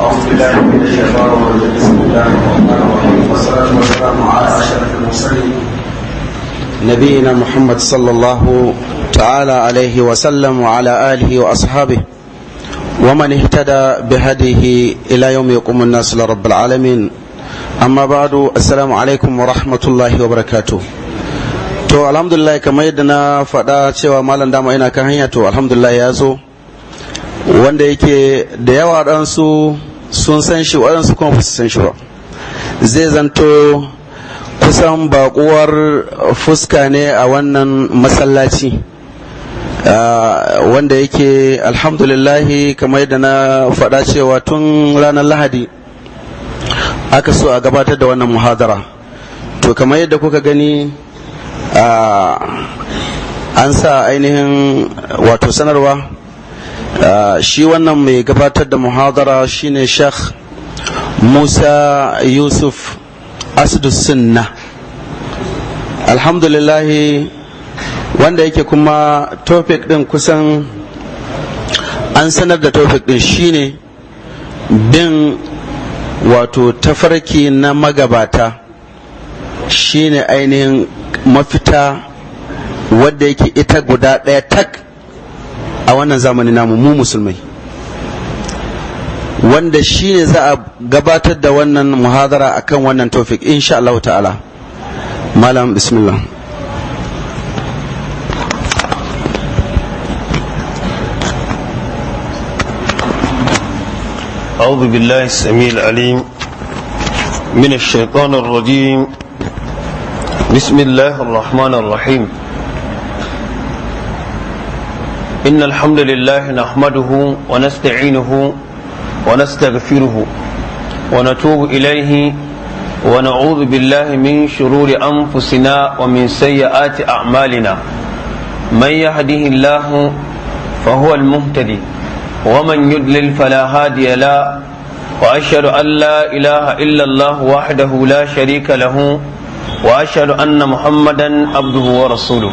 أعوذ بالله من الشيطان الرجيم بسم الله الرحمن الرحيم والصلاة والسلام على أشرف المرسلين نبينا محمد صلى الله تعالى عليه وسلم وعلى آله وأصحابه ومن اهتدى بهديه إلى يوم يقوم الناس لرب العالمين أما بعد السلام عليكم ورحمة الله وبركاته to alhamdulillah kamar yadda na faɗa cewa malam dama ina kan hanya to alhamdulillah ya zo wanda yake da yawa ɗansu sun san shi waɗansu kuma ba su san shi ba zai zanto kusan baƙuwar fuska ne a wannan masallaci ah, wanda yake alhamdulillahi kamar yadda na faɗa cewa tun ranar lahadi aka so a gabatar da wannan muhadara to kamar yadda kuka gani ah, an sa ainihin wato sanarwa shi wannan mai gabatar da muhadara shine sheikh musa yusuf asdussunna alhamdulillahi wanda yake kuma topic din kusan an sanar da topic din shine bin wato tafarki na magabata shine ainihin mafita wadda yake ita guda ɗaya tak a wannan zamanin namu mu musulmai wanda shi ne za a gabatar da wannan muhadara a kan wannan tofik insha Allah ta'ala malam bismillah أعوذ بالله السميع العليم من الشيطان الرجيم بسم الله الرحمن الرحيم إن الحمد لله نحمده ونستعينه ونستغفره ونتوب إليه ونعوذ بالله من شرور أنفسنا ومن سيئات أعمالنا من يهده الله فهو المهتدي ومن يدلل فلا هادي له وأشهد أن لا إله إلا الله وحده لا شريك له وأشهد أن محمدا عبده ورسوله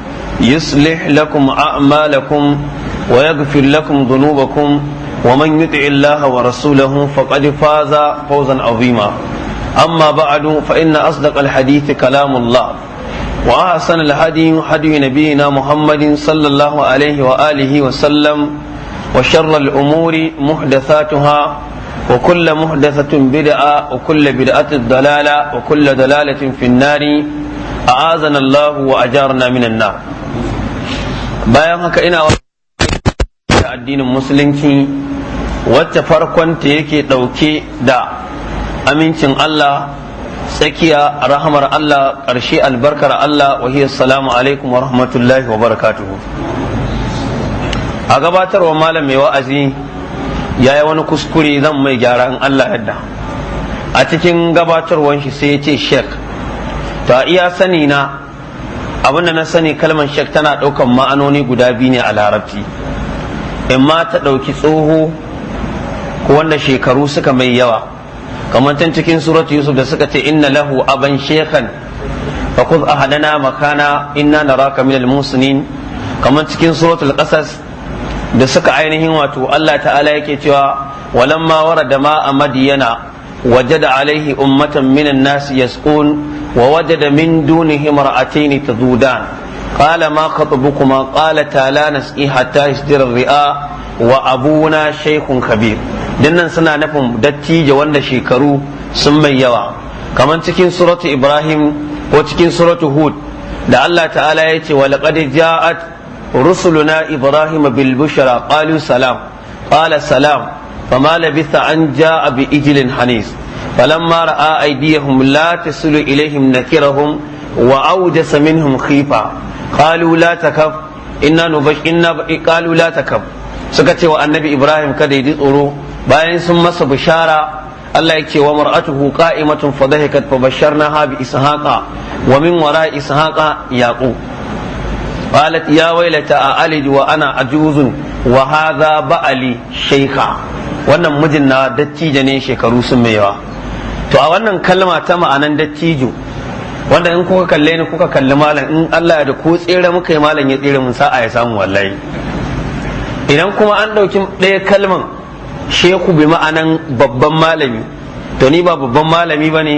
يصلح لكم أعمالكم ويغفر لكم ذنوبكم ومن يطع الله ورسوله فقد فاز فوزا عظيما أما بعد فإن أصدق الحديث كلام الله وأحسن الهدي هدي نبينا محمد صلى الله عليه وآله وسلم وشر الأمور محدثاتها وكل محدثة بدعة وكل بدعة ضلالة وكل ضلالة في النار أعاذنا الله وأجارنا من النار bayan haka ina wata addinin musulunci wacce farkonta yake ɗauke da amincin Allah tsakiya rahamar Allah ƙarshe albarkar Allah wahiyar salamu alaikum wa rahmatullahi wa barakatuhu a gabatarwa malam mai wa'azi ya yi wani kuskure zan mai gyara in Allah yadda a cikin gabatarwan shi sai ya ce shek ta iya sani na abin da na sani kalmar shek tana ɗaukan ma'anoni guda biyu ne a larabci in ma ta ɗauki tsoho ko wanda shekaru suka mai yawa kamar tun cikin suratu yusuf da suka ce inna lahu aban shekhan fa kuz ahadana makana inna naraka minal musnin kamar cikin suratul qasas da suka ainihin wato Allah ta'ala yake cewa walamma warada ma a madiyana wajada alaihi ummatan minan nasi yasqun ووجد من دونهما امرأتين تذودان قال ما خطبكما قالتا لا نسقي حتى يصدر الرئاء وأبونا شيخ كبير dinnan suna nufin dattijo wanda shekaru sun mai yawa kamar cikin suratu ibrahim ko cikin suratu hud da allah ta'ala ya ce walaqad ja'at rusuluna ibrahim bil bushra qalu salam qala salam fama labitha an ja'a bi ijlin hanis فلما راى ايديهم لا تصل اليهم نكرهم واوجس منهم خيفه قالوا لا تكف inna nubash inna qalu la takab suka ce wa annabi ibrahim kada ji tsoro bayan sun masa bishara Allah ya ce wa mar'atuhu qa'imatun fa dhahikat fa basharnaha bi ishaqa wa min wara ishaqa yaqub qalat ya waylata a'alid wa ana ajuzun wahaza hadha ba'ali shaykha wannan mijin na dattijo ne shekaru sun mai yawa to a wannan kalma ta ma'anan dattijo wanda in kuka kalle ni kuka kalli malam in Allah ya da ko tsere muka yi malam ya tsere mun sa'a ya samu wallahi idan kuma an ɗauki ɗaya kalman sheku bi ma'anan babban malami to ni ba babban malami ba ne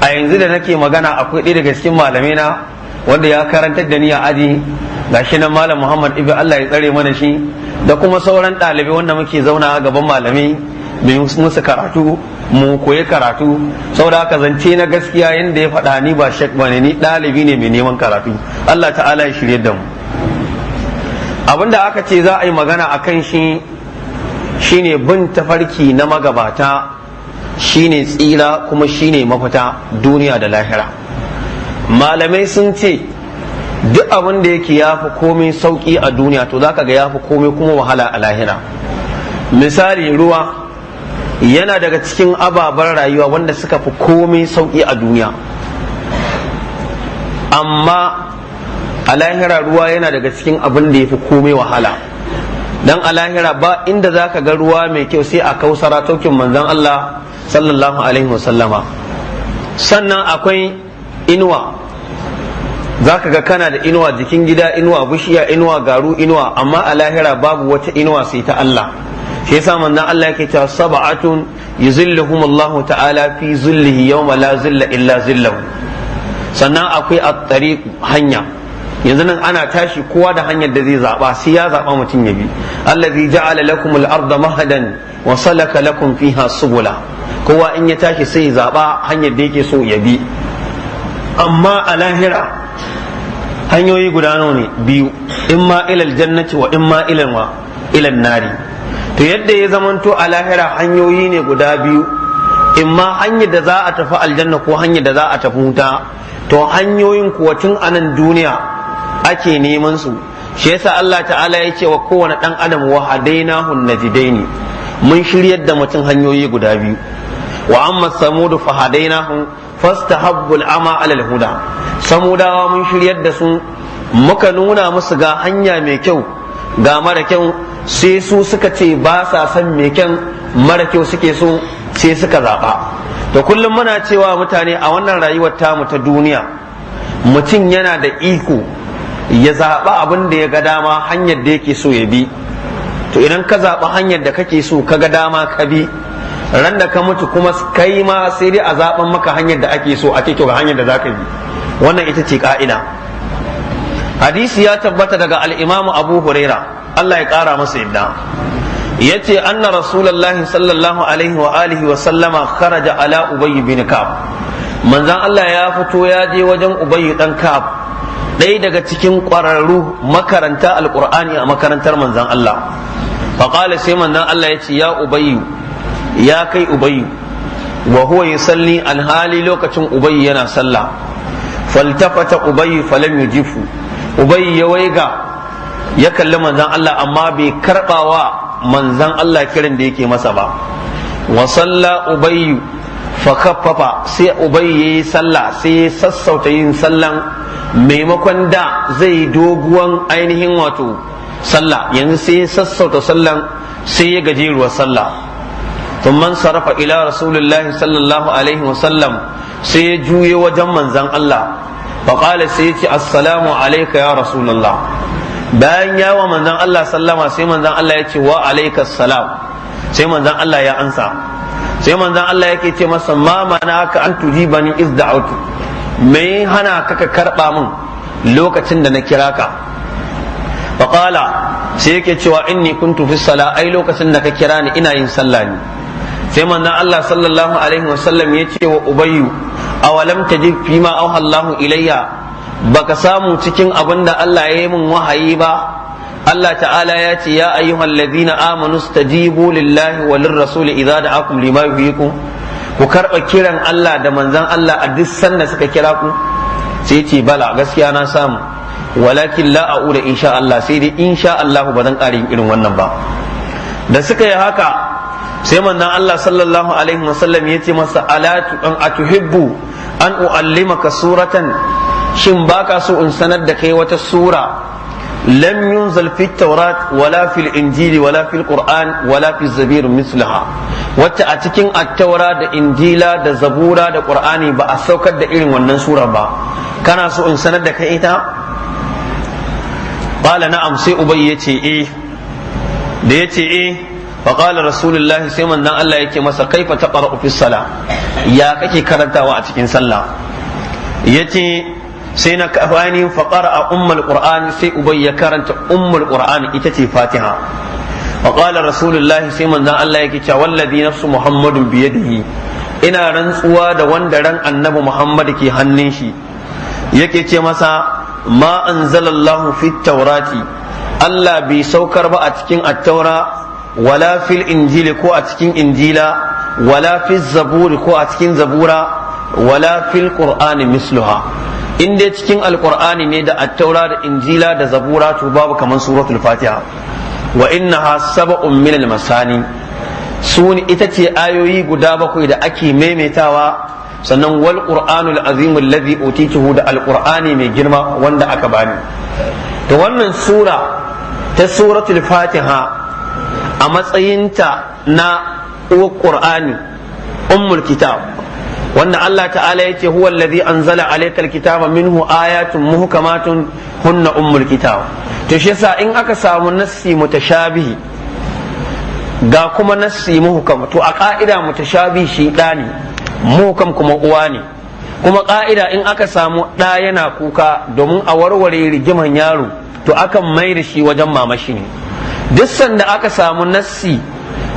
a yanzu da nake magana akwai ɗaya daga cikin malamai na wanda ya karantar da ni a aji shi nan malam Muhammad Ibi Allah ya tsare mana shi da kuma sauran ɗalibai wanda muke zauna a gaban malami Mai musu karatu mu koyi karatu saboda haka zance na gaskiya yadda ya faɗa ni ba shek bane ni ɗalibi ne mai neman karatu Allah ta'ala ya shirye da mu abinda aka ce za a yi magana a kan shi shine bin tafarki na magabata shine tsira kuma shine mafita duniya da lahira malamai sun ce duk abin da yake ya fi komai sauki a duniya to zaka ga ya fi komai kuma wahala a lahira misali ruwa yana daga cikin ababar rayuwa wanda suka fi komai sauki a duniya amma a lahira ruwa yana daga cikin abin da ya fi komai wahala dan a lahira ba inda za ka ga ruwa mai kyau sai a kausara taukin manzon Allah sallallahu alaihi wasallama sannan akwai inuwa za ka ga kana da inuwa jikin gida inuwa bishiya inuwa garu inuwa amma a lahira babu wata inuwa sai ta Allah shi yasa manzon Allah yake cewa sab'atun yuzilluhum Allah ta'ala fi zillihi yawma la zilla illa zillahu sannan akwai at-tariq hanya yanzu nan ana tashi kowa da hanyar da zai zaba sai ya zaba mutum ya bi allazi ja'ala lakum al-ardha mahadan wa salaka lakum fiha subula kowa in ya tashi sai ya zaba hanyar da yake so ya bi amma a lahira hanyoyi guda nawa ne biyu in ma ilal jannati wa in ma ilal ilal nari to yadda ya zamanto a lahira hanyoyi ne guda biyu in ma hanyar da za a tafi aljanna ko hanyar da za a tafi wuta to hanyoyin kuwa tun a duniya ake neman su shi yasa Allah ta'ala ya ce wa kowane dan adam wa hun najidaini mun shiryar da mutum hanyoyi guda biyu wa amma samudu fa nahu. fastahabbul ama alal huda samudawa mun shiryar da su muka nuna musu ga hanya mai kyau ga mara kyau sai su suka ce ba sa san mai kyan mara kyau suke so sai suka zaɓa Da kullum muna cewa mutane a wannan rayuwar tamu ta duniya mutum yana da iko ya zaɓa abin da ya ga dama hanyar da yake so ya bi to idan ka zaɓa hanyar da kake so ka ga dama ka bi Randa ka mutu kuma kai ma sai dai a zaben maka hanyar da ake so a kyau ga hanyar da zaka bi wannan ita ce ka'ida hadisi ya tabbata daga al Abu Huraira Allah ya kara masa yadda yace anna rasulullahi sallallahu alaihi wa alihi wa sallama kharaja ala ubay bin kaf manzon Allah ya fito ya je wajen ubay dan kaf ɗaya daga cikin ƙwararru makaranta alƙur'ani a makarantar manzan Allah faƙala sai manzan Allah ya ce ya ubayyu ya kai ubayyu wa huwa yusalli alhali lokacin ubayyu yana sallah faltafata ubayyu falam yujifu ubayyu ya waiga ya kalli manzan Allah amma bai karbawa manzan Allah kiran da yake masa ba wa salla ubayyu fa kaffafa sai ubayyu yayi sallah sai sassauta yin sallan maimakon da zai doguwan ainihin wato sallah yanzu sai ya sassauta sallan sai ya gajeruwar sallah thumma sarafa ila rasulillahi sallallahu alaihi wasallam sai ya juye wajen manzon Allah faƙala sai ya ce assalamu alaika ya rasulallah bayan ya wa manzan Allah sallama sai manzan Allah ya ce wa alaika salam sai manzan Allah ya ansa sai manzan Allah yake ce masa mamanaka mana bani iz da'utu me hana ka ka karba min lokacin da na kira ka faƙala sai yake cewa inni kuntu fi sala ai lokacin da ka kira ni ina yin sallah ne sai manzon Allah sallallahu alaihi wasallam ya ce wa ubayyu awalam tajid fi ma auha Allah ilayya baka samu cikin abin da Allah ya yi min wahayi ba Allah ta'ala ya ce ya ayyuhal ladina amanu stajibu lillahi walir rasul idza da'akum lima yuhyikum ku karba kiran Allah da manzon Allah a duk sanda suka kira ku sai ce bala gaskiya na samu walakin la a'uda insha Allah sai dai insha Allah ba zan ƙara irin wannan ba da suka yi haka sai manzon Allah sallallahu alaihi wasallam ya ce masa alatu an atuhibbu an uallimaka suratan shin baka so in sanar da kai wata sura lam yunzal fi tawrat wala fil injili wala fil qur'an wala fi zabir mislaha wacce a cikin attaura da injila da zabura da qur'ani ba a saukar da irin wannan sura ba kana so in sanar da kai ita qala na'am sai ubay yace eh da yace eh فقال رسول الله sai manzon Allah yake masa kaifa taqra'u fi sala ya kake karantawa a cikin sallah yace sai na kafani fa a ummul qur'an sai uba ya karanta ummul qur'an ita ce fatiha wa qala rasulullahi sai manzon Allah yake cewa wallazi Muhammadu biye da yadihi ina rantsuwa da wanda ran annabi muhammad ke hannun shi yake ce masa ma anzalallahu fit tawrati Allah bai saukar ba a cikin at wala fil injili ko a cikin injila walafi zaburi ko a cikin zabura wala fil qur'ani misluha in dai cikin alqur'ani ne da attaura da injila da zabura to babu kaman suratul fatiha wa innaha sab'un min al masani sun ita ce ayoyi guda bakwai da ake maimaitawa sannan wal qur'anul azim alladhi utituhu da alqur'ani mai girma wanda aka bani to wannan sura ta suratul fatiha a matsayinta na uwar qur'ani ummul kitab wanda Allah ta'ala yake huwa allazi anzala alaykal kitaba minhu ayatun muhkamatun hunna ummul kitab to shi yasa in aka samu nassi mutashabihi ga kuma nassi muhkam to a ka'ida mutashabihi shi da ne muhkam kuma uwa ne kuma ka'ida in aka samu da yana kuka domin a warware rigiman yaro to akan mai da shi wajen mamashi ne duk sanda aka samu nassi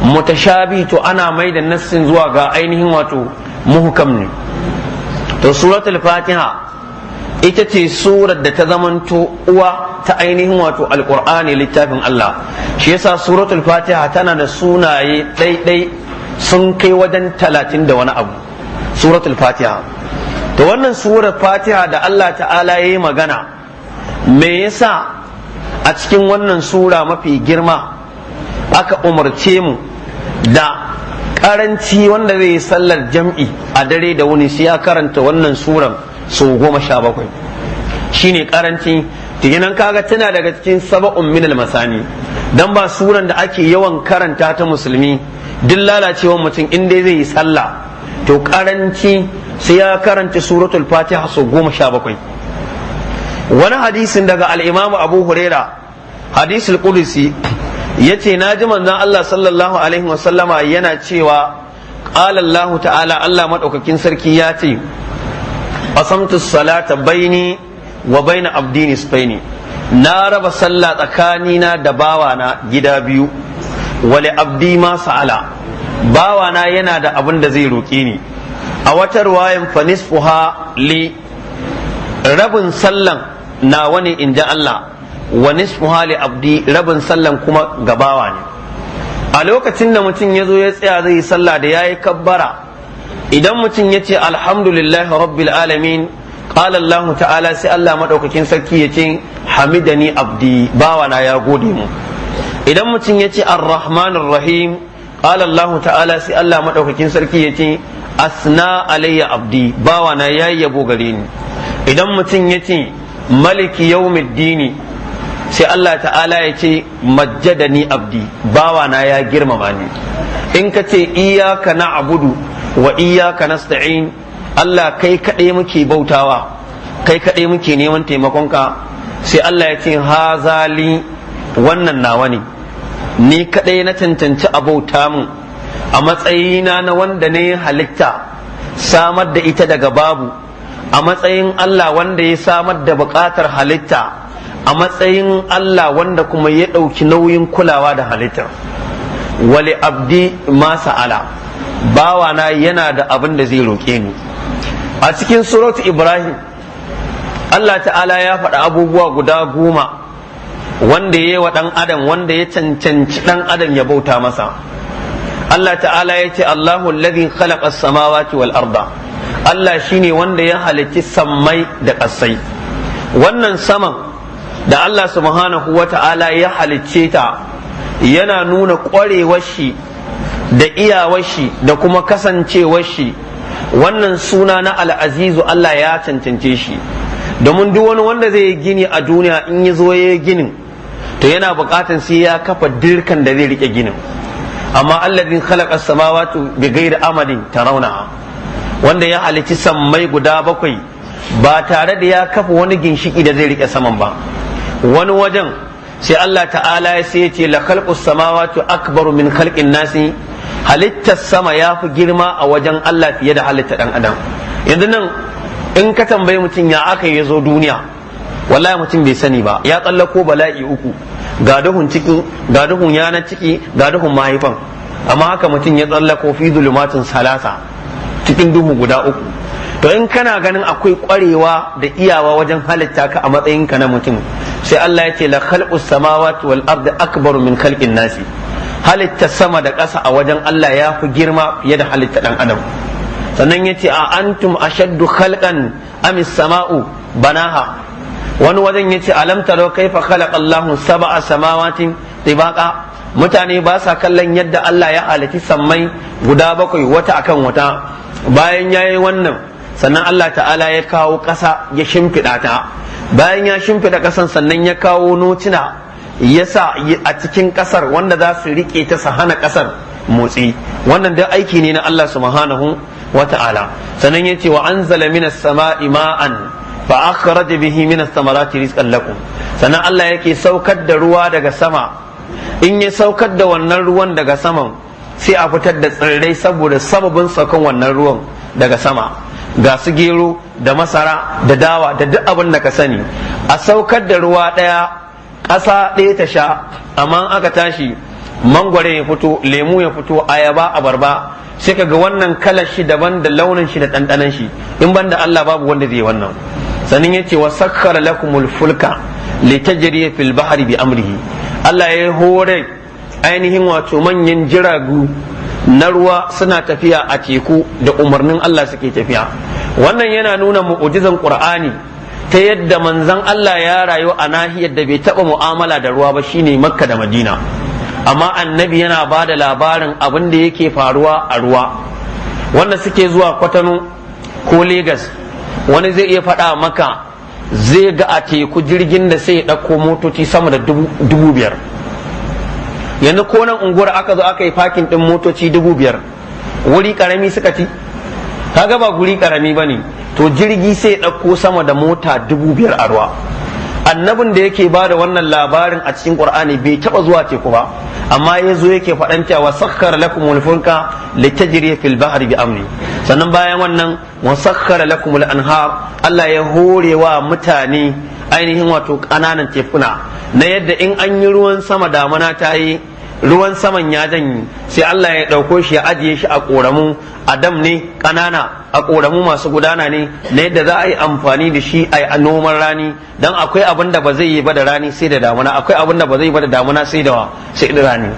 mutashabi to ana mai da nassin zuwa ga ainihin wato muhkam ne to suratul fatiha ita ce surar da ta zamanto uwa ta ainihin wato alkur'ani littafin Allah shi yasa suratul fatiha tana da sunaye ɗaiɗai sun kai wajen talatin da wani abu suratul fatiha to wannan surar fatiha da Allah ta'ala ya yi magana me yasa a cikin wannan sura mafi girma aka umarce mu da karanci wanda zai yi sallar jam'i a dare da wuni sai ya karanta wannan suran sau goma sha bakwai shine karanci tijinan kaga tana daga cikin saba'un minal masani don ba suran da ake yawan karanta ta musulmi duk lalacewar mutum inda zai yi sallah to karanci sai ya karanta suratul fatiha sau goma sha bakwai wani hadisin daga al'imamu abu huraira hadisul qudusi ya ce na ji manzon allah sallallahu alaihi wasallama yana cewa alallahu ta'ala allah maɗaukakin sarki ya ce qasamtu salata baini wa baina abdi nisfaini na raba sallah tsakanina da bawana gida biyu wale abdi ma sa'ala bawana yana da abin da zai roƙe ni a wata wayan fanis li rabin sallan Na wani in ji Allah wa nisfuha hali abdi rabin sallan kuma gabawa ne a lokacin da mutum ya zo ya tsaya zai yi sallah da yayi kabbara idan mutum ya ce alhamdulillah rabbil alamin qala Allah ta'ala sai Allah madaukakin sarki ya ce hamidani abdi Bawa na ya gode mu idan mutum ya ce arrahmanir rahim qala Allah ta'ala sai Allah madaukakin sarki ya ce asna alayya abdi bawana yayi yabo gare ni idan mutum ya ce maliki yawmiddini sai Allah ta'ala ya ce majjadani abdi bawana ya girmama ni in ka ce iyaka na abudu wa iyaka nasta'in Allah kai kaɗai muke bautawa kai kaɗai muke neman taimakonka sai Allah ya ce hazali wannan nawa ne ni kaɗai na cancanci a bauta mun a matsayina na wanda ne halitta samar da ita daga babu a matsayin Allah wanda ya samar da bukatar halitta a matsayin Allah wanda kuma ya ɗauki nauyin kulawa da halittar wali abdi ma bawana yana da abin da zai roƙe ni a cikin surat ibrahim Allah ta'ala ya faɗa abubuwa guda goma wanda ya yi wa ɗan adam wanda ya cancanci ɗan adam ya bauta masa Allah ta'ala ya ce Allahu alladhi khalaqa samawa samawati wal arda Allah shi ne wanda ya halicci sammai da ƙasai wannan saman da Allah subhanahu wa ta'ala ya halicce ta yana nuna ƙwarewar shi da iyawar shi da kuma kasancewar shi wannan suna na al'azizu Allah ya cancance shi domin duk wani wanda zai yi gini a duniya in ya zo ya ginin to yana buƙatar sai ya kafa dirkan da zai rike ginin amma Allah alladin khalaqa samawati bi amalin ta rauna. wanda ya halici sammai guda bakwai ba tare da ya kafa wani ginshiki da zai rike saman ba wani wajen sai Allah ta'ala ya sai ce la khalqus samawati akbaru min khalqin nasi halittar sama ya fi girma a wajen Allah fiye da halitta dan adam yanzu nan in ka tambayi mutum ya aka yazo zo duniya wallahi mutum bai sani ba ya tsallako bala'i uku ga duhun ciki ga duhun yanar ciki ga duhun mahaifan amma haka mutum ya tsallako fi zulumatin salasa cikin duhu guda uku to in kana ganin akwai kwarewa da iyawa wajen halitta ka a matsayin ka na mutum sai Allah ya ce la khalqu samawati wal ardi akbaru min khalqin nasi halitta sama da ƙasa a wajen Allah ya fi girma fiye da halitta dan adam sannan ya ce a antum ashaddu khalqan am samau banaha wani wajen ya ce alam taro kaifa khalaqa Allahu sab'a samawatin tibaqa mutane ba sa kallon yadda Allah ya halitti sammai guda bakwai wata akan wata bayan ya yi wannan sannan Allah ta'ala ya kawo ƙasa ya shimfiɗa ta bayan ya shimfiɗa ƙasan sannan ya kawo nocina ya sa a cikin ƙasar wanda za su riƙe ta su hana ƙasar motsi wannan da aiki ne na Allah subhanahu wa ta'ala sannan ya ce wa anzala minas sama'i ma'an fa akhraja bihi minas samarati rizqan lakum sannan Allah yake saukar da ruwa daga sama in ya saukar da wannan ruwan daga saman sai a fitar da tsirrai saboda sababin saukan wannan ruwan daga sama ga su gero da masara da dawa da duk abin da ka sani a saukar da ruwa ɗaya ƙasa ɗaya ta sha amma aka tashi mangware ya fito lemu ya fito ayaba abarba sai ka ga wannan kalar shi daban da launin shi da dandanan shi in banda Allah babu wanda zai wannan sannan ya ce wa sakkara lakumul fulka litajriya fil bahri bi amrihi Allah ya hore ainihin wato manyan jiragu na ruwa suna tafiya a teku da umarnin Allah suke tafiya wannan yana nuna mu'ujizan qur'ani ta yadda manzon Allah ya rayu a nahiyar da bai taba mu'amala da ruwa ba shine makka da madina amma annabi yana ba da labarin abin da yake faruwa a ruwa wanda suke zuwa kwatano ko Legas wani zai iya faɗa maka zai ga a teku jirgin da sai ya ɗauko motoci sama da dubu biyar yanzu ko nan unguwar aka zo aka yi fakin din motoci dubu biyar wuri karami suka ci kaga ba guri karami ba ne to jirgi sai ɗauko sama da mota dubu biyar a ruwa annabin da yake ba da wannan labarin a cikin qur'ani bai taɓa zuwa teku ba amma ya zo yake faɗan cewa sakkar lakum al-fulka litajri fil bahri bi amri sannan bayan wannan wa sakkar lakum al-anhar Allah ya hore wa mutane ainihin wato ƙananan tekuna na yadda in an yi ruwan sama damana ta yi ruwan saman ya janyi sai Allah ya ɗauko shi ya ajiye shi a ƙoramu adam ne ƙanana a ƙoramu masu gudana ne na yadda za a yi amfani da shi a noman rani don akwai abin da ba zai yi ba da rani sai da damuna akwai abin da ba zai yi ba da damuna sai da rani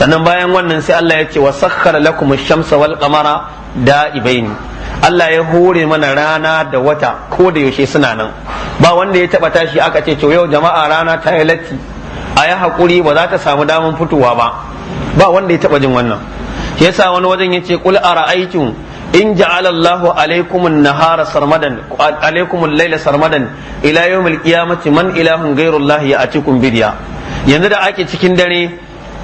sannan bayan wannan sai Allah ya ce wa sakhkhara lakum ash-shamsa wal qamara Allah ya hore mana rana da wata ko da yaushe suna nan ba wanda ya taba tashi aka ce to yau jama'a rana ta yi latti a yi haƙuri ba za ta samu daman fitowa ba ba wanda ya taba jin wannan yasa wani wajen yace qul ara'aytum in ja'ala Allahu alaykum an-nahara sarmadan alaykum al-layla sarmadan ila yawm qiyamati man ilahun ghayru Allah ya'tikum bidiya yanzu da ake cikin dare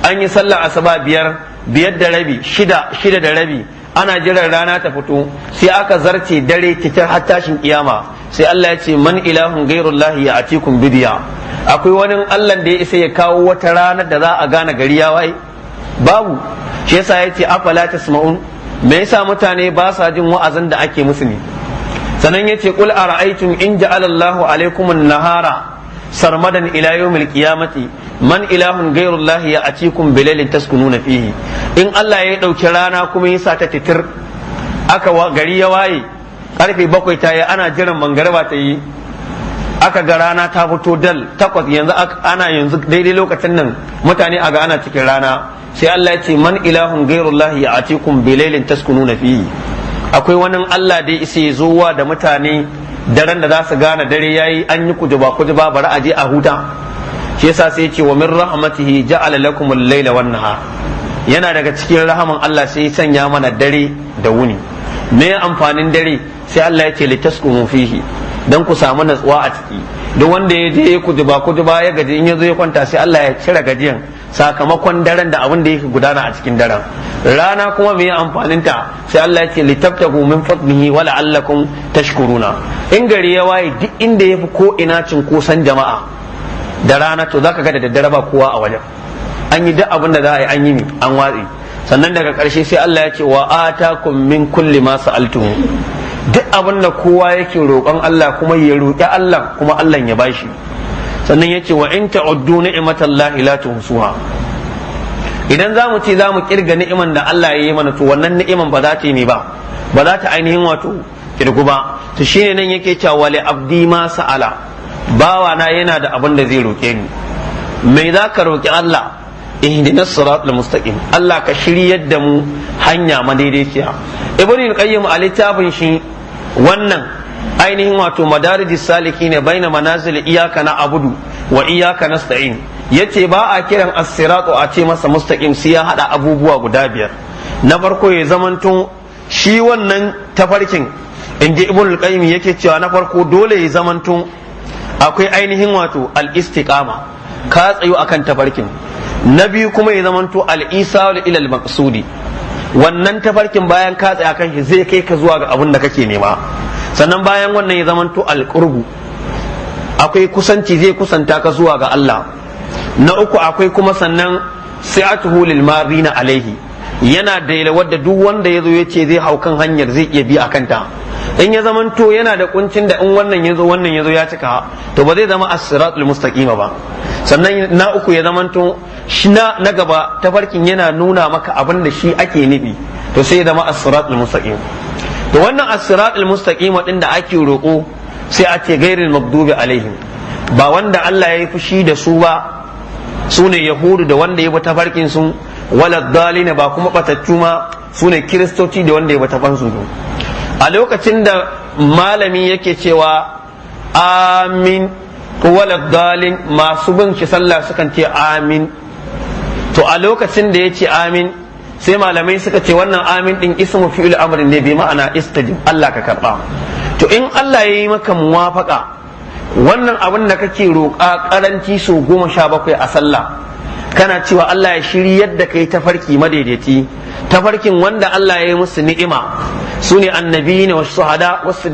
an yi sallar asaba biyar biyar da rabi shida shida da rabi ana jiran rana ta fito sai aka zarce dare cikin har tashin kiyama sai Allah ya ce man ilahun gairullahi ya atikum bidiya akwai wani Allah da ya isa ya kawo wata ranar da za a gane gari ya waye babu shi yasa ya ce afala tasma'un me yasa mutane ba sa jin wa'azin da ake musu ne Sanan ya ce qul ara'aytum in ja'ala Allahu alaykum an-nahara sarmadan ila yawmil qiyamati man ilahun gairullahi ya atikum bilailin taskununa fihi in Allah ya ɗauki rana kuma yasa ta titir aka gari ya waye karfe bakwai ta yi ana jiran mangaraba ta yi aka ga rana ta fito dal takwas yanzu ana yanzu daidai lokacin nan mutane a ga ana cikin rana sai Allah ya ce man ilahun gairullahi ya atikum bilailin na fiye akwai wani Allah da isa ya zo wa da mutane daren da za su gane dare yayi an yi kujuba kujuba bari a je a huta shi yasa sai ya ce wa min rahmatihi ja'ala lakum al-laila wan ha. yana daga cikin rahaman Allah sai ya sanya mana dare da wuni me amfanin dare sai Allah ya ce litasqumu fihi dan ku samu natsuwa a ciki duk wanda ya je duba kuduba duba ya gaji in ya zo ya kwanta sai Allah ya cire gajiyan sakamakon daren da abin da yake gudana a cikin daren rana kuma me amfanin ta sai Allah ya ce litabtahu min fadlihi wa la'allakum tashkuruna in gari ya waye duk inda yafi ko ina kusan jama'a da rana to zaka ga da daddare ba kowa a wajen an yi duk abin da za a yi an yi an watsi sannan daga ƙarshe sai Allah ya ce wa atakum min kulli ma sa'altum duk abin da kowa yake roƙon Allah kuma ya roƙi Allah kuma Allah ya bashi sannan yace wa in ta'uddu ni'matallahi la tuhsuha idan za mu ce za mu kirga ni'iman da Allah ya yi mana to wannan ni'iman ba za ta yi ne ba ba za ta ainihin wato kirgu ba to shine nan yake cewa wali abdi ma sa'ala bawa na yana da abin da zai roke ni me za ka roƙi Allah ihdina siratal mustaqim Allah ka shiryar da mu hanya madaidaiciya ibnu qayyim a littafin shi wannan ainihin wato madarijis saliki ne baina manazil iyaka na abudu wa iyaka nasta'in yace ba a kiran as a ce masa mustaqim sai ya haɗa abubuwa guda biyar na farko ya zamanto shi wannan tafarkin inji ibn al-qayyim yake cewa na farko dole ya zamanto akwai ainihin wato al-istiqama ka tsayo akan tafarkin na biyu kuma ya zamanto al isa ila al-maqsudi wannan tafarkin bayan ka tsaya kan shi zai kai ka zuwa ga abin da kake nema sannan bayan wannan ya zamanto alƙurbu akwai kusanci zai kusanta ka zuwa ga Allah na uku akwai kuma sannan si'atuhu lil marina alaihi yana daila wadda duk wanda ya zo ya ce zai hau kan hanyar zai iya bi a kanta in ya zamanto yana da kuncin da in wannan ya zo wannan ya zo ya cika to ba zai zama as-siratul mustaqima ba sannan na uku ya zamanto shi na na gaba tafarkin yana nuna maka abin da shi ake nufi to sai ya zama as-siratul mustaqim to wannan as-siratul mustaqim din da ake roko sai a ce ghairil maghdubi alaihim ba wanda Allah ya yi fushi da su ba su ne yahudu da wanda ya bi tafarkin su wala dalina ba kuma batattu ma su ne kiristoci da wanda ya bi tafarkin su a lokacin da malami yake cewa amin wala dalin masu bin shi sallah sukan ce amin to a lokacin da ya amin sai malamai suka ce wannan amin din ismu fi'il amrin ne bi ma'ana istajib Allah ka karba to in Allah ya yi maka muwafaka wannan abin da kake roƙa karanci so goma sha bakwai a sallah kana cewa Allah ya shiri yadda kai tafarki madaidaiti tafarkin wanda Allah ya yi musu ni'ima su ne annabi annabiyina wasu shuhada wa wasu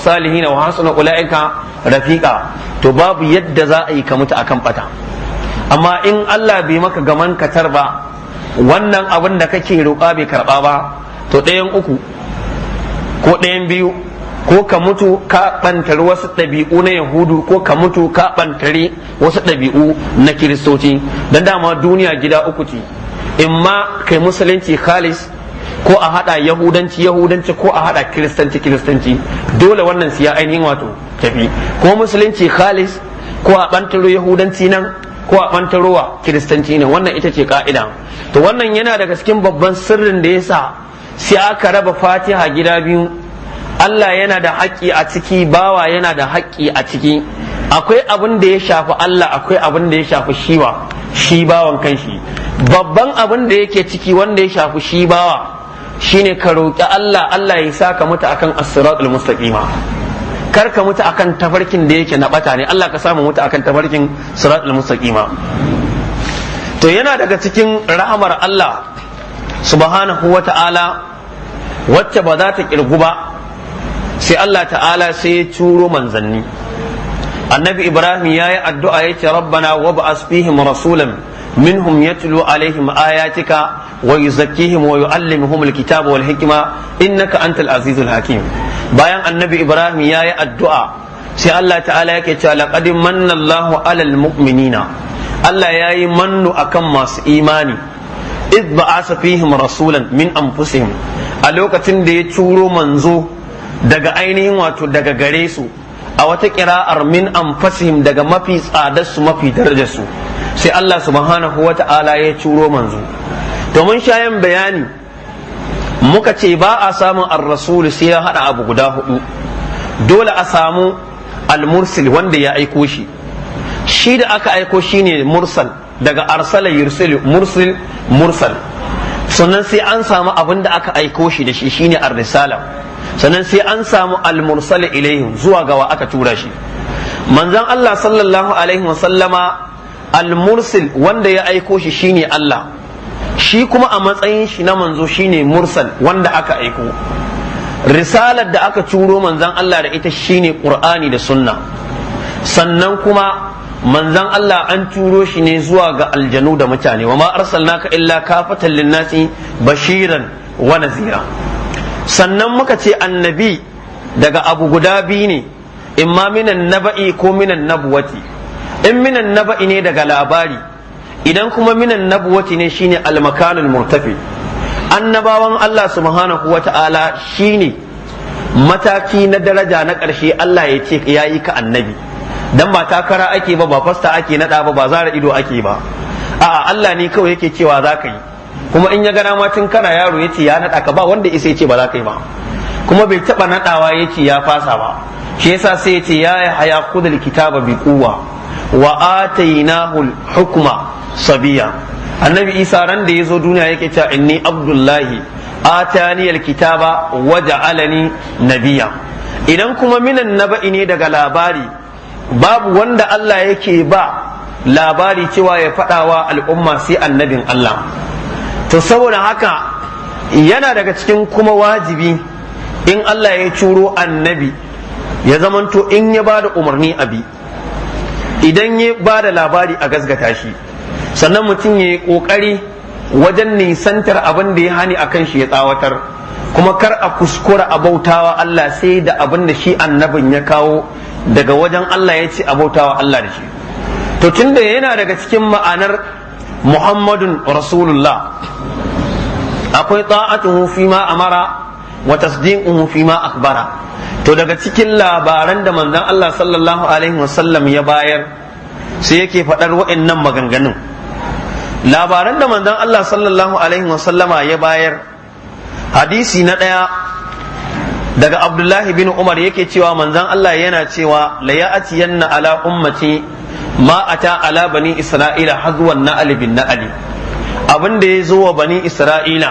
salihi na wasu hasuna ulaika rafiƙa to babu yadda za a yi ka mutu kan bata amma in Allah bai maka gaman katar ba wannan abin da kake roƙa bai karɓa ba to ɗayan uku ko ɗayan biyu ko ka mutu ka ɓantari wasu ɗabi'u na yahudu ko ka mutu ka ɓantari wasu ɗabi'u na kiristoci don dama duniya gida uku ce in ma kai musulunci khalis ko a haɗa yahudanci yahudanci ko a haɗa kiristanci kiristanci dole wannan siya ainihin wato tafi ko musulunci khalis ko a ɓantaro yahudanci nan ko a ɓantarowa kiristanci ne wannan ita ce ka'ida to wannan yana daga cikin babban sirrin da yasa sai aka raba fatiha gida biyu Allah yana da haƙƙi a ciki bawa yana da haƙƙi a ciki akwai abin da ya shafi Allah akwai abin da ya shafi shiwa shi bawan kanshi babban abin da yake ciki wanda ya shafi shi bawa shine ka roƙi Allah Allah ya sa ka mutu akan as-siratul mustaqima kar ka mutu akan tafarkin da yake na bata ne Allah ka samu mutu akan tafarkin siratul mustaqima to yana daga cikin rahamar Allah subhanahu wata'ala wacce ba za ta kirgu ba sai Allah ta'ala sai ya turo manzanni annabi ibrahim ya yi addu'a ya ce rabbana wa ba'as fihim rasulan minhum yatlu alaihim ayatika wa yuzakkihim wa yuallimuhum alkitaba wal hikma innaka antal azizul hakim bayan annabi ibrahim ya yi addu'a sai Allah ta'ala yake cewa laqad manna Allahu alal mu'minina Allah ya yi mannu akan masu imani id ba'asa fihim rasulan min anfusihim a lokacin da ya turo manzo daga ainihin wato daga gare su a wata kira'ar min anfasihim daga mafi tsadarsu mafi darajarsu sai Allah subhanahu wa ta'ala ya curo manzo domin shayan bayani muka ce ba a samun ar-rasul sai ya hada abu guda hudu dole a samu al-mursil wanda ya aiko shi shi da aka aiko shine mursal daga arsala yursil mursil mursal sannan sai an samu abin da aka aiko shi da shi shine ar-risala sannan sai an samu al-mursal ilaihim zuwa ga wa aka tura shi manzon Allah sallallahu alaihi wa sallama al-mursil wanda ya aiko shi shine Allah shi kuma a matsayin shi na manzo shine mursal wanda aka aiko risalar da aka turo manzon Allah da ita shine qur'ani da sunna sannan kuma manzon Allah an turo shi ne zuwa ga aljanu da mutane wa ma arsalnaka illa kafatan lin-nasi bashiran wa nazira sannan muka ce annabi daga abu guda biyu ne in ma minan naba'i ko minan nabuwati in minan naba'i ne daga labari idan kuma minan nabuwati ne shine almakanul murtafi annabawan Allah subhanahu wata'ala shine mataki na daraja na ƙarshe Allah ya ce ya yi ka annabi dan ba takara ake ba ba fasta ake naɗa ba ba zara ido ake ba a'a Allah ne kawai yake cewa za ka yi kuma in ya ga ma tun kana yaro yace ya nada ka ba wanda isa yace ba za ka yi ba kuma bai taba nadawa yace ya fasa ba shi yasa sai yace ya haya kudul kitaba bi quwa wa atainahu hukma sabiya annabi isa ran da yazo duniya yake cewa inni abdullahi atani alkitaba wa ja'alani nabiya idan kuma minan naba'i ne daga labari babu wanda Allah yake ba labari cewa ya faɗawa al'umma sai annabin Allah to saboda haka yana daga cikin kuma wajibi in Allah ya curo annabi ya zamanto in ya ba da umarni abi idan ya ba da labari a gasgata shi sannan mutum ya yi ƙoƙari wajen nisantar abin da ya hani a kan shi ya tsawatar kuma kar a kuskura a bautawa Allah sai da abin da shi annabin ya kawo daga wajen Allah ya ce abautawa Allah da shi to tunda yana daga cikin ma'anar Muhammadun Rasulullah akwai ta'atuhu fi ma amara wa tasdiquhu fi ma akhbara to daga cikin labaran da manzon Allah sallallahu alaihi wasallam ya bayar sai yake faɗar waɗannan maganganun labaran da manzon Allah sallallahu alaihi wasallama ya bayar hadisi na ɗaya daga abdullahi bin umar yake cewa manzon Allah yana cewa la ya'tiyanna ala ummati ma ata ala bani isra'ila hazwan na'al bin na'ali abin da ya zo wa bani isra'ila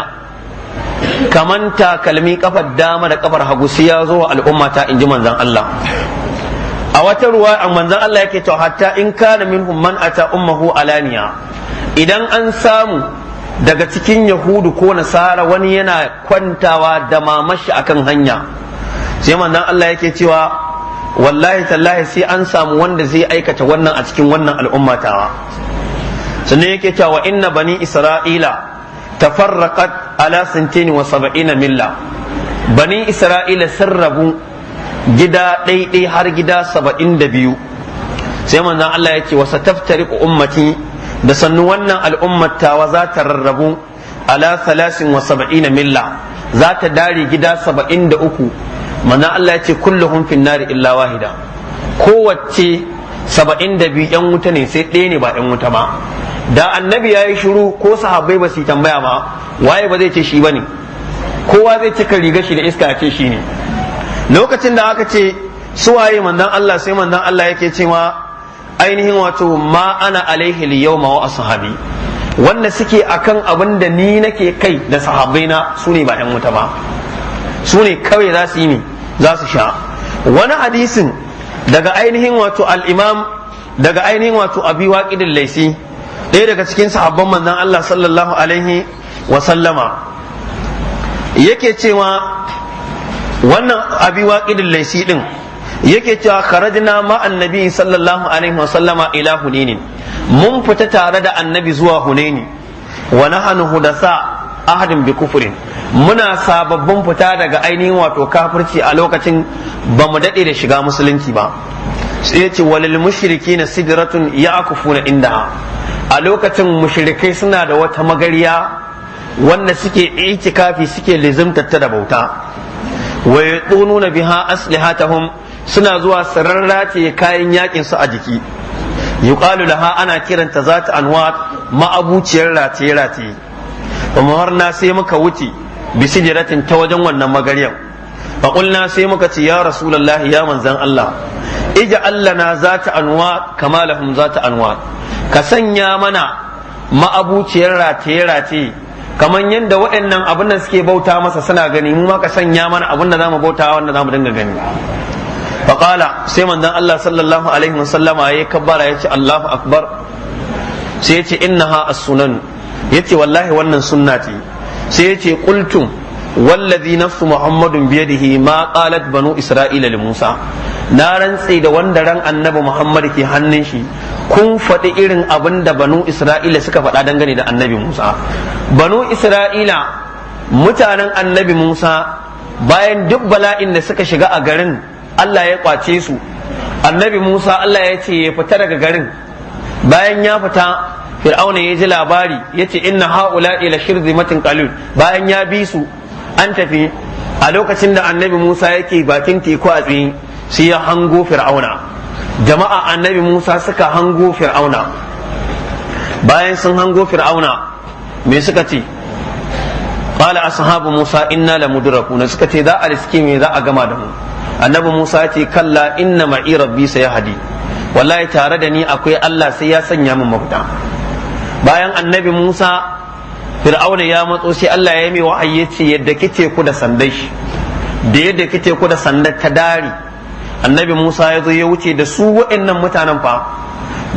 kaman takalmi kafar dama da kafar hagu sai ya zo wa al'umma ta inji manzon Allah a wata ruwa a manzon Allah yake to hatta in kana minhum man ata ummuhu alaniya idan an samu daga cikin yahudu ko nasara wani yana kwantawa da mamashi akan hanya sai manzon Allah yake cewa wallahi tallahi sai an samu wanda zai aikata wannan a cikin wannan al'ummatawa sannan yake cewa inna bani isra'ila tafarraqat ala 72 milla bani isra'ila sun rabu gida ɗaiɗai har gida biyu. sai manzon Allah ya ce wa sataftariqu ummati da sannu wannan al'ummar tawa za ta rarrabu ala saba'in milla za ta dare gida saba'in da uku manzon Allah ya ce kulluhum fin illa wahida Kowacce. saba'in da biyu yan wuta ne sai ɗaya ne ba yan wuta ba da annabi ya yi shiru ko sahabbai ba su tambaya ba waye ba zai ce shi ba ne kowa zai cika riga shi da iska a ce shi ne lokacin da aka ce su waye manzon Allah sai manzon Allah ya ke cewa ainihin wato ma ana alaihi ma wa ashabi wanda suke akan abin da ni nake kai da sahabbai na su ne ba yan wuta ba su ne kawai za su yi ne za su sha wani hadisin daga ainihin wato al'imam daga ainihin wato abi waqidil laisi ɗaya daga cikin sahabban manzon Allah sallallahu alaihi wa sallama yake cewa wannan abi waqidil laisi din yake cewa kharajna ma annabi sallallahu alaihi wa sallama ila hunainin mun fita tare da annabi zuwa hunaini wa nahnu hudasa ahadin bi kufurin muna sababbin fita daga ainihin wato kafirci a lokacin ba mu daɗe da shiga musulunci ba sai ya ce walil mushriki na sidratun ya na inda a lokacin mushrikai suna da wata magariya wanda suke kafi suke lizimtatta da bauta wa na biha aslihatahum suna zuwa sararrace kayan yakin su a jiki yuqalu laha ana kiranta zata anwat ma'abuciyar rataye rataye umar na sai muka wuce bisi jiratin ta wajen wannan magaryar fa sai muka ce ya rasulullah ya manzan Allah ija allana zata anwa kama lahum zata anwa ka sanya mana ma'abuciyar rataye rataye kamar yadda waɗannan abin nan suke bauta masa suna gani mu ma ka sanya mana abin da zamu bauta wanda zamu dinga gani faqala sai manzan Allah sallallahu alaihi wasallama yayi kabbara yace Allahu akbar sai yace innaha as-sunan yace wallahi wannan sunna ce sai yace qultum wallazi nafsu muhammadun biyadihi ma qalat banu isra'ila li musa na rantse da wanda ran annabi muhammad ke hannun shi kun faɗi irin abin da banu isra'ila suka faɗa dangane da annabi musa banu isra'ila mutanen annabi musa bayan duk bala'in da suka shiga a garin allah ya kwace su annabi musa allah ya ce ya fita daga garin bayan ya fita fir'auna ya ji labari ya ce inna haula ila matin qalil bayan ya bi su an tafi a lokacin da annabi Musa yake bakin teku a tsaye sai ya hango fir'auna jama'a annabi Musa suka hango fir'auna bayan sun hango fir'auna me suka ce qala ashabu Musa inna lamudrakuna suka ce za a riske me za a gama da mu annabi Musa ya ce kalla inna ma'i ya hadi. wallahi tare da ni akwai Allah sai ya sanya min mafita bayan annabi Musa fir'auna ya matso sai Allah ya mai wa'ayi ce yadda kike ku da sandai da yadda kike ku da sandar ta dari annabi Musa ya zo ya wuce da su wa'annan mutanen fa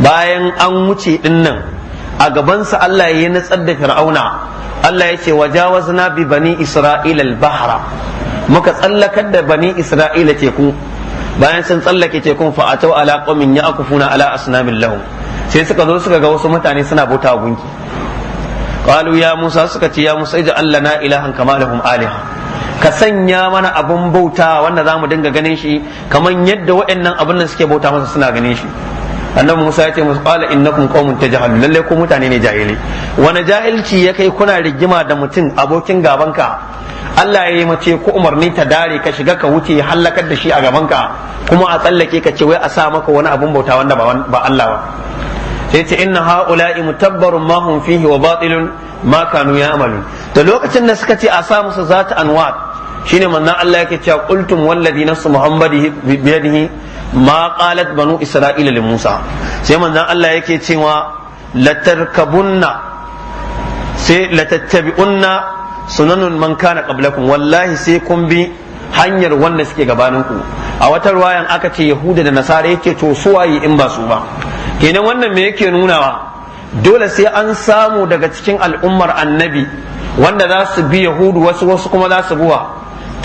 bayan an wuce dinnan a gabansa Allah ya natsar da fir'auna Allah ya ce wajawazna bi bani isra'ila al-bahra muka tsallakar da bani isra'ila teku bayan sun tsallake tekun fa atau ala qaumin ya'kufuna ala asnamin lahum sai suka zo suka ga wasu mutane suna bautawa gunki qalu ya musa suka ce ya musa ija allana ilahan kama lahum aliha ka sanya mana abun bauta wanda zamu dinga ganin shi kamar yadda waɗannan abun nan suke bauta masa suna ganin shi annabi Musa ya ce musu qala innakum qaumun tajhalu lalle ku mutane ne jahili wani jahilci ya kai kuna rigima da mutum abokin gabanka Allah ya yi mace ko umarni ta dare ka shiga ka wuce ya halakar da shi a gabanka kuma a tsallake ka ce wai a sa maka wani abun bauta wanda ba Allah ba sai ce inna haula'i mutabbarun ma hum fihi wa batilun ma kanu ya'malu da lokacin da suka ce a sa musu zata anwar shine manzon Allah yake cewa qultum walladhi nasu muhammadi biyadihi ma qalat banu isra'ila li musa sai manzon Allah yake cewa latarkabunna sai latattabi'unna sunanun man kana qablakum wallahi sai kun bi hanyar wanda suke gabaninku a wata ruwayan aka ce yahuda da nasara yake to suwaye in ba su ba kenan wannan me yake nunawa dole sai an samu daga cikin al'ummar annabi wanda za su bi yahudu wasu wasu kuma za su buwa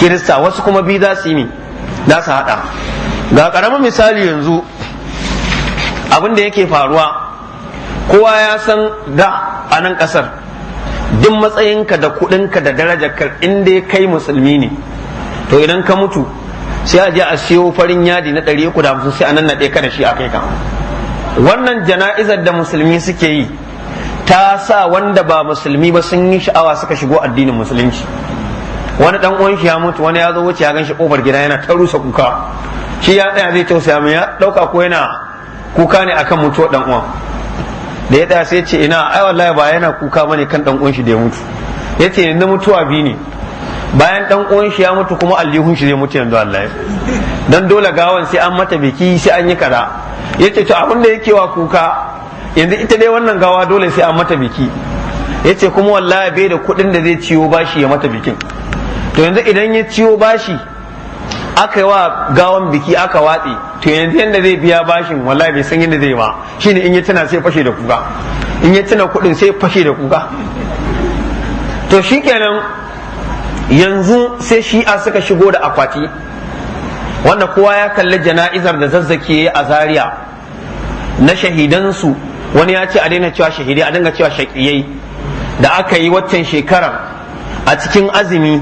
kirista wasu kuma bi za su yi za su haɗa ga karamin misali yanzu abin da yake faruwa kowa ya san da a nan ƙasar duk matsayinka da kuɗinka da darajarka inda ya kai musulmi ne to idan ka mutu sai a je a siyo farin yadi na ɗari uku da sai a nan naɗe ka da shi a kai ka wannan jana'izar da musulmi suke yi ta sa wanda ba musulmi ba sun yi sha'awa suka shigo addinin musulunci wani ɗan uwan shi ya mutu wani ya zo wuce ya shi kofar gida yana ta rusa kuka shi ya tsaya zai tausaya mai ya ɗauka ko yana kuka ne akan mutuwar dan uwan da ya tsaya sai ce ina ai wallahi ba yana kuka bane kan dan uwan shi da ya mutu yace yanzu mutuwa bi ne bayan dan uwan shi ya mutu kuma aljihun shi zai mutu yanzu Allah dan dole gawan sai an mata biki sai an yi kaza yace to abin da yake wa kuka yanzu ita dai wannan gawa dole sai an mata biki yace kuma wallahi bai da kuɗin da zai ciwo bashi ya mata bikin to yanzu idan ya ciwo bashi aka yi wa gawan biki aka watsi to yanzu yanda zai biya bashin wallahi bai san yadda zai ba shine in ya tuna sai fashe da kuka in ya tuna kuɗin sai fashe da kuka to shikenan yanzu sai shi'a suka shigo da akwati wanda kowa ya kalli jana'izar da zazzake a Zariya na shahidansu wani ya ce a daina cewa shahidai a dinga cewa shaƙiyai da aka yi waccan shekarar a cikin azumi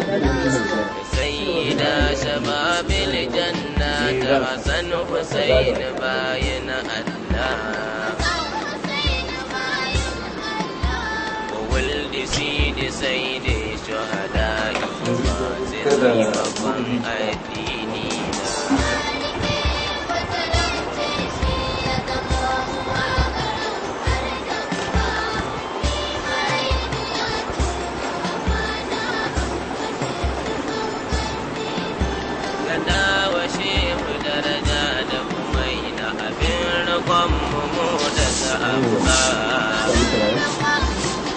sai dashi babal janda ta san ku saina bayana allah ku wulɗi cidi sai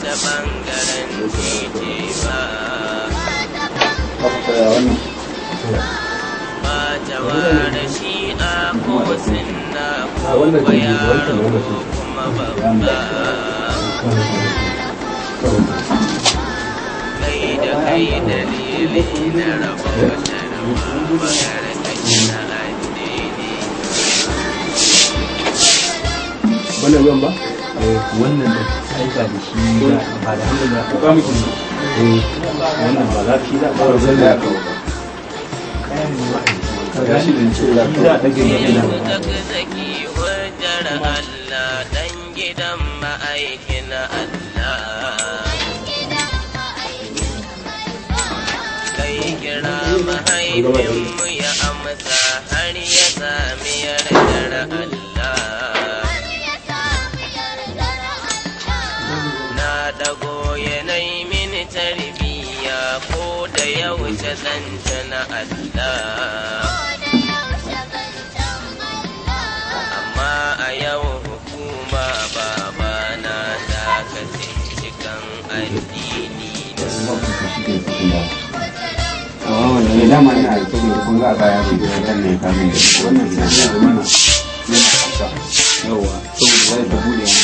ta bangaren titi ba ba ta ware shi a kosin na kowa yaro kuma babba kai da kai dalili na ba bangaren titi na wannan ruwan ba eh, wannan aika da shi ba da hannu da ba mu kin eh. wannan ba za ki ba da ba shi da Allah dan gidan ma'aikin Allah kai kira mahaifinmu ya amsa har ya sami Allah yaushe na Allah amma a yau hukuma baba na ta kace addini Oh, ne kun ga baya shi da kan ne kamin wannan da mana yawa zai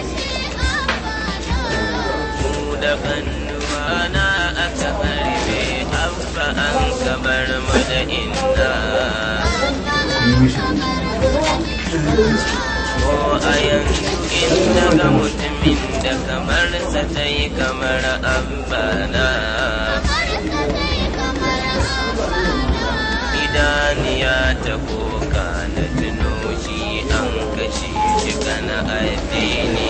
sadakan duwana aka harbe abba an kabar mu da inna ko a yanzu inda mutumin da kamar sa ta yi kamar abba na idaniya ta koka na shi an kashe shi kana addini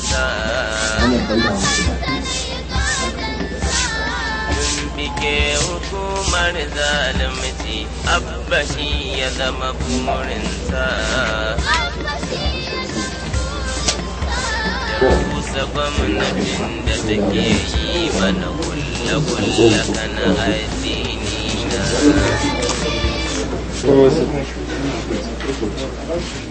Bike hukumar zalimci abba shi ya zama burinsa. Rusa gwamnatin da take yi mana kulle-kulle kana addini na.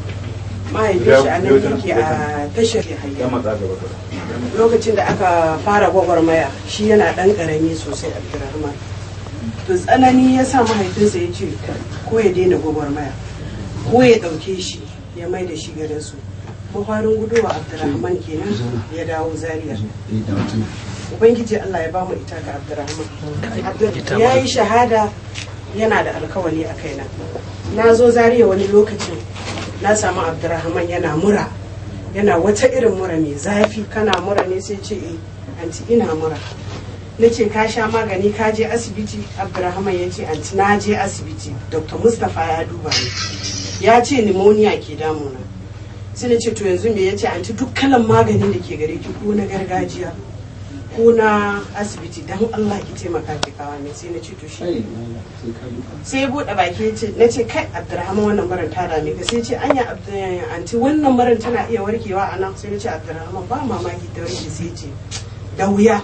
mahaifin a nan yake a tashar lokacin da aka fara gwagwarmaya shi yana dan karami sosai abdurrahman to tsanani ya sa mahaifinsa ya ce ko ya daina gwagwarmaya ko ya dauke shi ya mai da shi garin su buharin gudowa abdurrahman kenan ya dawo Zariya. ubangiji allah ya ba mu ita ga abdurrahman ya yi shahada yana da alkawari a kaina na zo Zariya wani lokacin na samu abdurrahman yana mura yana wata irin mura mai zafi kana mura ne sai ce eh, anti ina mura na ce ka sha magani ka je asibiti abdurrahman ya ce anti na je asibiti dr mustapha ya duba ni ya ce pneumonia ke damuna sai na ce to yanzu me ya ce anti duk kalan maganin da ke gare ki ko na gargajiya ko na asibiti dan Allah ki taimaka ki kawo min sai na ce to shi sai bude baki ce na ce kai Abdurrahman wannan maran ta dame ka sai ce anya eh, anti wannan maran tana iya warkewa a nan sai na ce Abdurrahman ba mamaki ta warke sai ce da wuya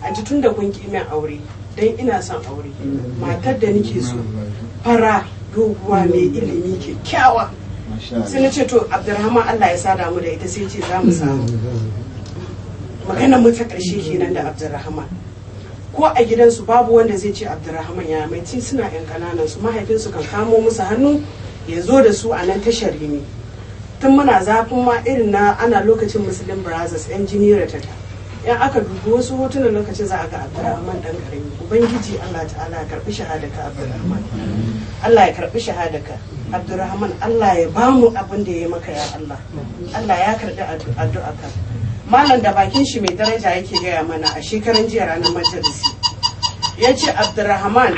anti tun da kun ki min aure dan ina son aure matar da nake so fara doguwa mai ilimi kyakkyawa sai na ce to Abdurrahman Allah ya sada mu da ita sai ce za mu samu magana mun ta ƙarshe kenan da abdurrahman ko a gidansu babu wanda zai ce abdurrahman ya mai ci suna yan kananan su mahaifinsu kan kamo musu hannu ya zo da su a nan tashar ne tun muna zafin ma irin na ana lokacin muslim brothers yan ta ta yan aka dubi wasu hotunan lokacin za a ga abdurrahman dan karami ubangiji allah ta'ala ya karbi shahadaka abdurrahman allah ya karbi shahadaka abdurrahman allah ya bamu abin da ya maka ya allah allah ya karbi addu'a ka malam da bakin shi mai daraja yake gaya mana a shekaran jiya ranar majalisi ya ce abdurrahman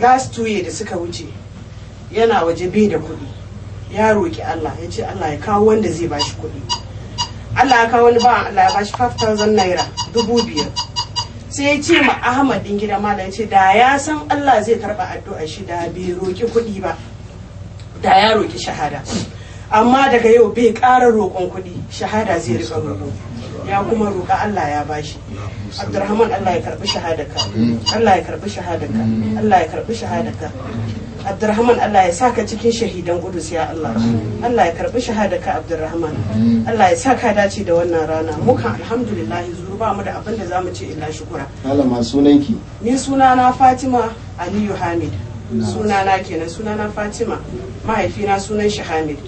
last two year da suka wuce yana waje bai da kuɗi ya roƙi allah ya ce allah ya kawo wanda zai ba shi kuɗi allah ya kawo wani ba allah ya ba shi 5000 naira dubu biyar sai ya ce ma ahmad din gida malam ya ce da ya san allah zai karɓa addu'a shi da bai roƙi kuɗi ba da ya roƙi shahada amma daga yau bai ƙara roƙon kuɗi shahada zai riƙa roƙon ya kuma roƙa Allah ya bashi Abdurrahman Allah ya karbi shahadaka Allah ya karbi shahadaka Allah ya karbi shahadaka Abdurrahman Allah ya saka cikin shahidan Qudus ya Allah Allah ya karbi shahadaka Abdurrahman Allah ya saka dace da wannan rana muka alhamdulillah zuru ba mu da abin da zamu ce illa shukura malama sunanki ni sunana Fatima Aliyu Hamid sunana kenan sunana Fatima mahaifina sunan shi Hamid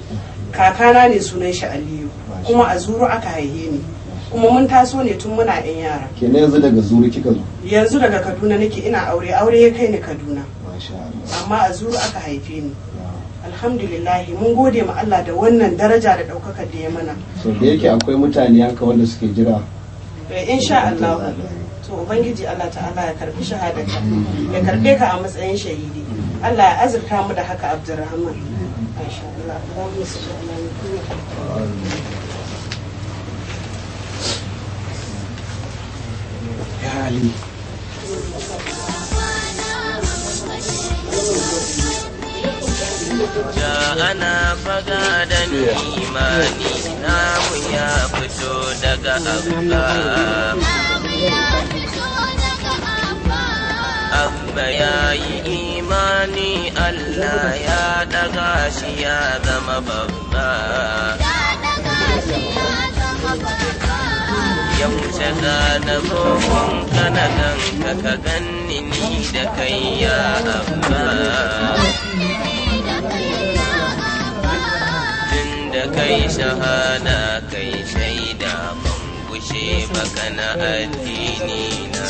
kakana ne sunan shi Aliyu kuma a zuru aka haihe ni kuma mun taso ne tun muna yan yara kenan yanzu daga zuru kika zo yanzu daga kaduna nake ina aure aure ya kai ni kaduna amma a zuru aka haife ni alhamdulillah mun gode ma Allah da wannan daraja da ɗaukakar da ya mana so da yake akwai mutane haka wanda suke jira eh, insha Allah to ubangiji Allah ta'ala ya karbi shahadarka ya karbe ka a matsayin shahidi Allah ya azurta mu da haka abdurrahman insha Allah ya ana faga da imani namu ya fito daga abba ya yi imani Allah ya daga shi ya zama babba ya daga shi ya zama babba ya wuce gane tsohon kanadan ka ka ganni ni da kai ya Allah tun da kai shahada kai shaida mun gushe baka na addini na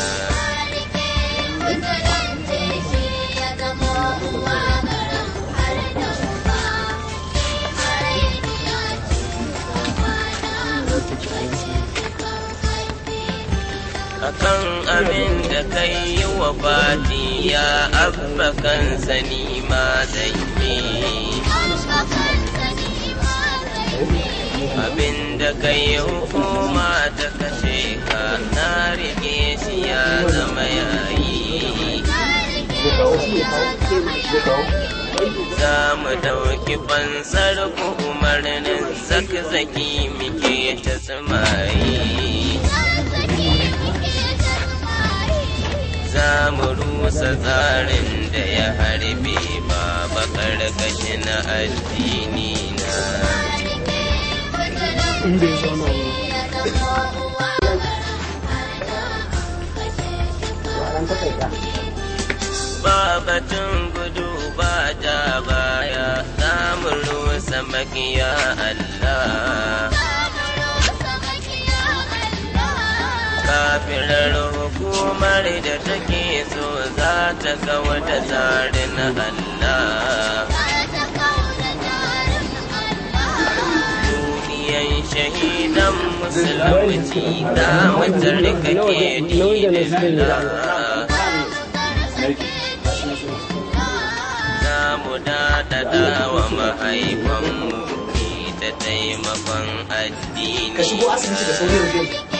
akan abin da kai yi wa fati ya abba kansa ni ma zai abin da kai hukuma ta kashe ka na rike shi ya zama yayi za mu ɗauki fansar ku umarnin zakzaki muke ta tsamayi za mu rusa tsarin da ya harbe ma bakar kashi na addini na Babatun tun gudu ba ta baya za mu rusa makiya Allah kafirar hukumar da ta kawo da tarin Allah. Duniyan shahidan musulunci ta mata rika ke Za mu dadada wa mahaifanmu ta taimakon addini. Ka shigo asibiti da sauri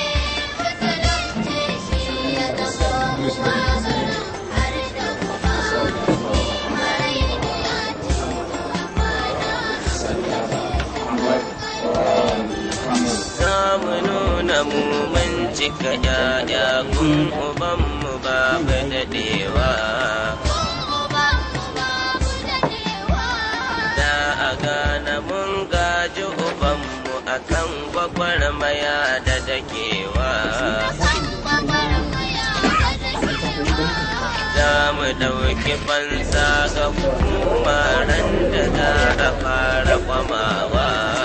mu mun cika ƴaƴa kun uban mu babu daɗewa. Da a gana mun gaji uban mu akan maya da dakewa. Za mu dauki fansa ga ran da za a fara kwamawa.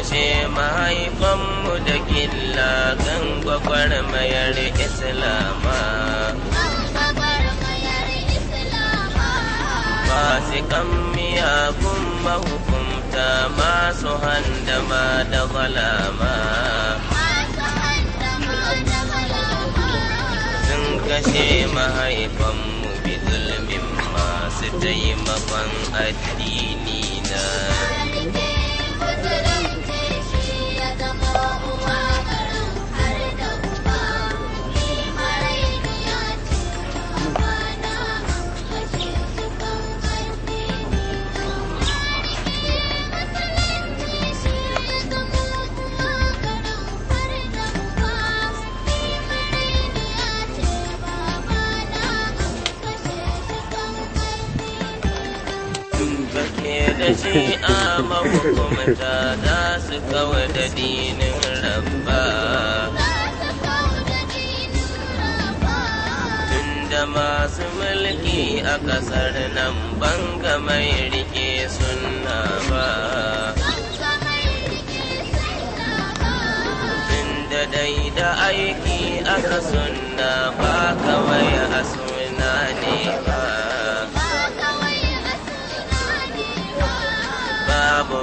kashe mahaifanmu da gilla kan gwagwarmayar islama fasikan kun mahukunta masu handama da zalama sun kashe mahaifanmu bi zulmin masu taimakon addini na jami'a mahukumta za su kawar da dinin rabba masu mulki a ƙasar nan banga mai rike sunna ba da dai da aiki aka sunna ba kawai a suna ne ba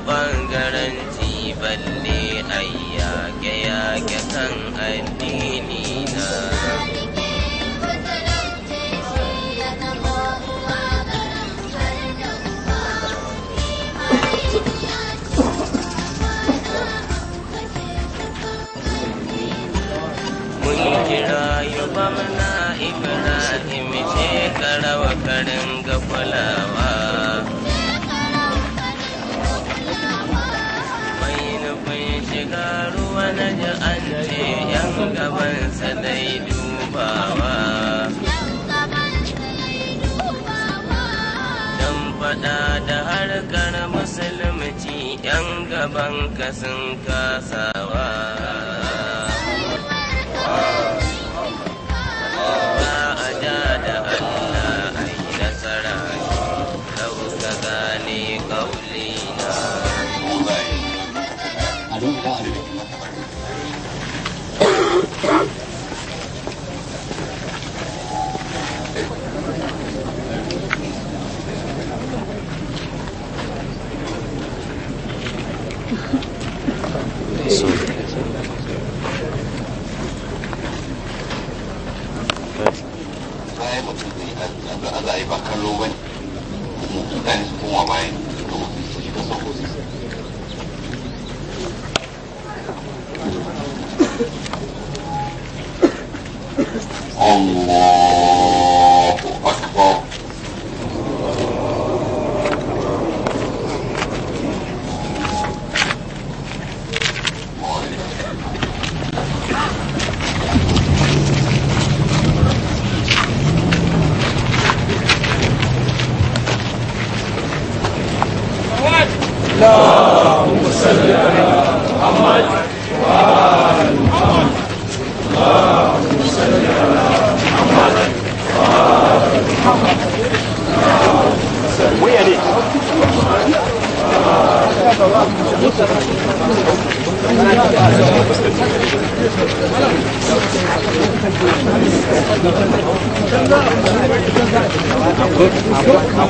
bangaranci balle ai yake yake kan addini ka sun kasawa ba a ja da Allah a yi nasara kau ka gane kaulina. 罗文，但是不玩。啊。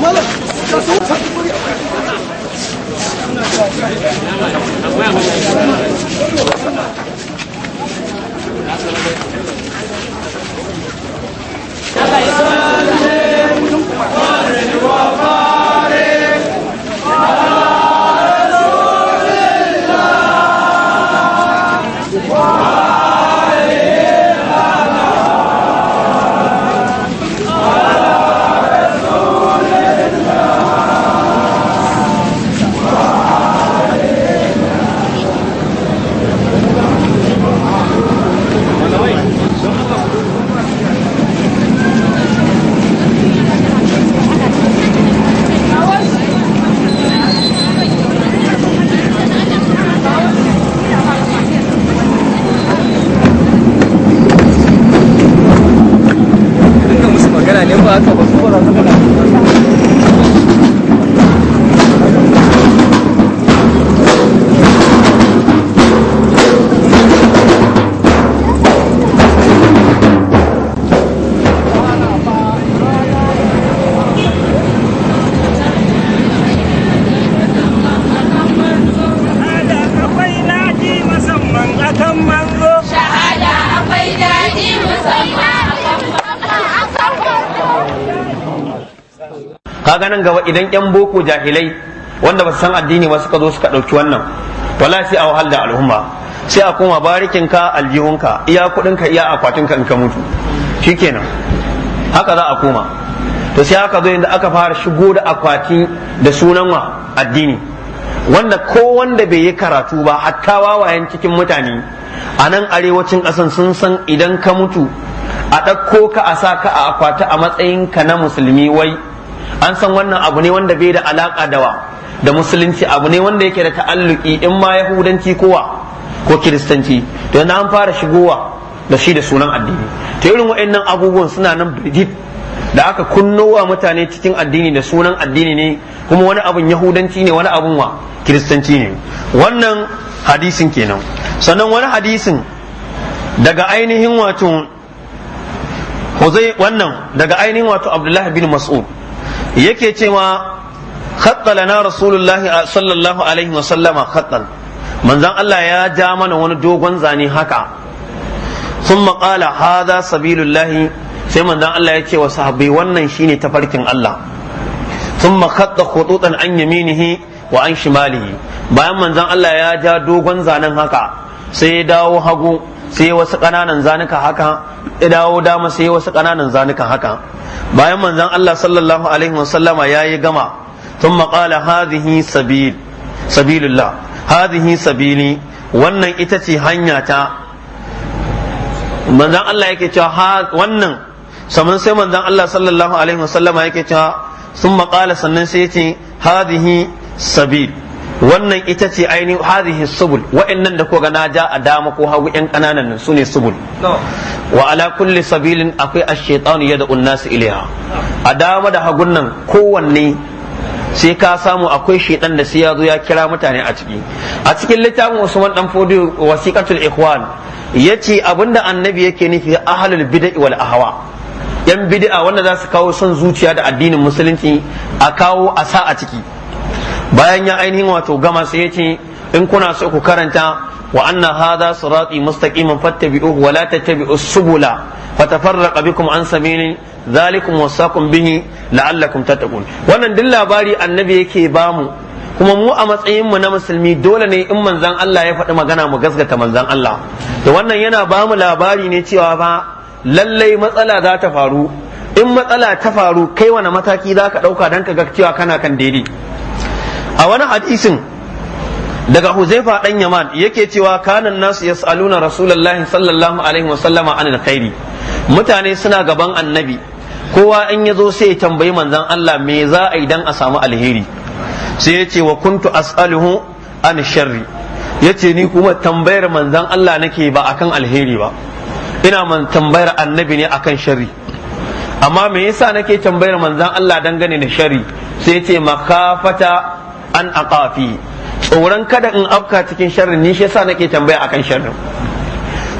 Mother! Gracias. ba idan yan boko jahilai wanda ba su san addini ba suka zo suka ɗauki wannan wala sai a wahal da al'umma sai a koma barikin ka aljihunka iya ka iya ka in ka mutu shikenan haka za a koma to sai aka zo inda aka fara shigo da akwati da sunan wa addini wanda ko wanda bai yi karatu ba hatta wawayen cikin mutane a nan arewacin kasan sun san idan ka mutu a ɗauko ka a sa ka a akwati a matsayin ka na musulmi wai an san wannan abu ne wanda bai da alaka dawa da musulunci abu ne wanda yake da ta'alluki in ma yahudanci kowa ko kiristanci to yanzu an fara shigowa da shi da sunan addini ta irin waɗannan abubuwan suna nan bidid da aka kunnowa mutane cikin addini da sunan addini ne kuma wani abun yahudanci ne wani abun wa kiristanci ne wannan hadisin kenan sannan wani hadisin daga ainihin wato wannan daga ainihin wato abdullahi bin mas'ud yake cewa khatta na rasulullahi sallallahu alaihi wa sallama khattan manzon Allah ya ja mana wani dogon zane haka sun maƙala hada sabilullahi sai manzon Allah ya ce wa sahabbai wannan shine tafarkin Allah sun makhatta khututan an yaminihi wa an shimalihi bayan manzon Allah ya ja dogon zanen haka sai ya dawo hagu sai wasu ƙananan zanuka haka ya dawo dama sai wasu ƙananan zanuka haka bayan manzon Allah sallallahu alaihi wasallama yayi gama ثم قال هذه sabil, سبيل الله هذه wannan ita ce hanya ta manzon Allah yake cewa wannan saman sai manzon Allah sallallahu alaihi wasallama yake cewa sun maƙala sannan sai ce hadihi sabil wannan ita ce ainihin hadhihi subul waɗannan da koga na ja a dama ko hagu yan kananan nan sune subul wa ala kulli sabilin akwai ash-shaytanu yad'u an-nas ilayha a dama da hagun nan kowanne sai ka samu akwai shaitan da sai ya zo ya kira mutane a ciki a cikin littafin Usman dan Fodi wasiqatul ikhwan yace abinda annabi yake nufi ahlul bid'ah wal ahwa yan bid'a wanda za su kawo son zuciya da addinin musulunci a kawo asa a ciki bayan ya ainihin wato gama sai ya ce in kuna so ku karanta wa anna hadha sirati mustaqiman fattabi'uhu wa la tattabi'u subula fatafarraqa bikum an sabili dhalikum wasaqum bihi la'allakum tattaqun wannan duk labari annabi yake bamu kuma mu a matsayin mu na musulmi dole ne in manzon Allah ya faɗi magana mu gaskata manzon Allah da wannan yana bamu labari ne cewa ba lallai matsala za ta faru in matsala ta faru kai wani mataki za ka ɗauka don ka ga cewa kana kan daidai a wani hadisin daga huzaifa dan yaman yake cewa kanan nasu yas'aluna rasulullahi sallallahu alaihi wa sallama anil khairi mutane suna gaban annabi kowa in yazo sai ya tambayi manzan Allah me za a yi dan a samu alheri sai ya ce wa kuntu as'aluhu an sharri ya ce ni kuma tambayar manzon Allah nake ba akan alheri ba ina man tambayar annabi ne akan sharri amma me yasa nake tambayar manzan Allah dangane da sharri sai ya ce makafata an aqafi tsoron kada in afka cikin sharrin ni shi yasa nake tambaya akan sharrin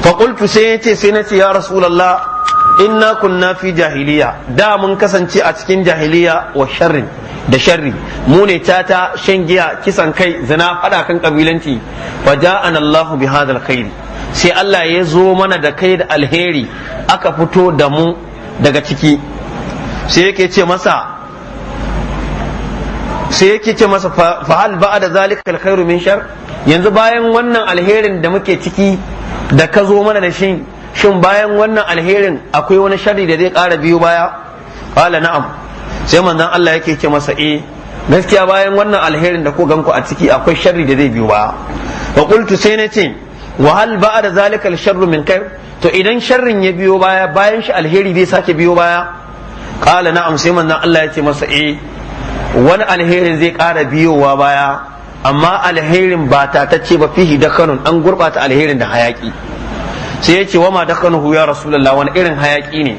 fa qultu sai yace sai nace ya rasulullah inna kunna fi jahiliya da mun kasance a cikin jahiliya wa sharrin da sharri mu ne tata shan giya kisan kai zina fada kan kabilanci fa ja'ana Allahu bi hadal khair sai Allah ya zo mana da kai da alheri aka fito da mu daga ciki sai yake ce masa sai yake ce masa fahal ba da zalikal khairu min shar yanzu bayan wannan alherin da muke ciki da ka zo mana da shi shin bayan wannan alherin akwai wani sharri da zai ƙara biyu baya qala na'am sai manzon Allah yake ce masa eh gaskiya bayan wannan alherin da ku ganku a ciki akwai sharri da zai biyu baya fa qultu sai na ce wa hal ba da zalikal sharru min kai to idan sharrin ya biyo baya bayan shi alheri zai sake biyo baya qala na'am sai manzon Allah ya ce masa eh wani alherin zai ƙara biyowa baya amma alherin ba ta ce ba fihi dakanun an gurɓata alherin da hayaƙi. sai ya ce wa ma hu ya rasulullah wani irin hayaki ne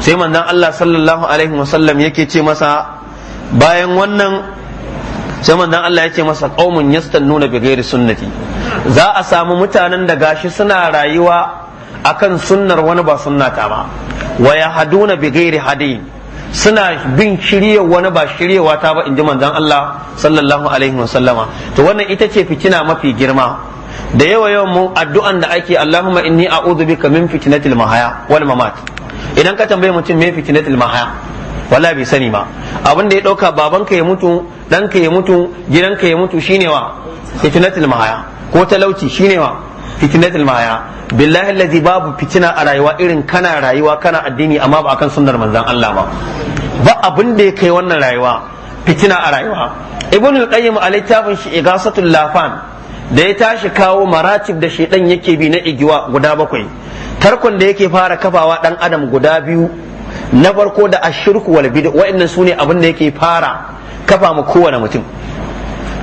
sai manzon Allah sallallahu alaihi wasallam yake ce masa bayan wannan sai manzon Allah ya masa qaumun yastannuna bi ghairi sunnati za a samu mutanen da gashi suna rayuwa akan sunnar wani ba sunnata ba wa yahduna bi ghairi hadayin suna bin shirya wani ba shiryawata ta ba ji manzan Allah sallallahu alaihi wasallama to wannan ita ce fitina mafi girma da yawa yawan mu addu'an da ake Allahumma inni a'udhu bika min fitnatil mahaya wal mamat idan ka tambaye mutum me fitnatil mahaya wala bai sani ba abin da ya dauka babanka ya mutu danka ya mutu gidanka ya mutu shine wa fitnatil mahaya ko talauci shine wa fitinatul maya billahi alladhi babu fitina a rayuwa irin kana rayuwa kana addini amma ba akan sunnar manzon Allah ba ba abin da ya kai wannan rayuwa fitina a rayuwa ibnul qayyim a littafin shi igasatul lafan da ya tashi kawo maratib da shedan yake bi na igiwa guda bakwai tarkon da yake fara kafawa dan adam guda biyu na farko da ashirku wal bid'a wa'annan sune abin da yake fara kafa mu kowane mutum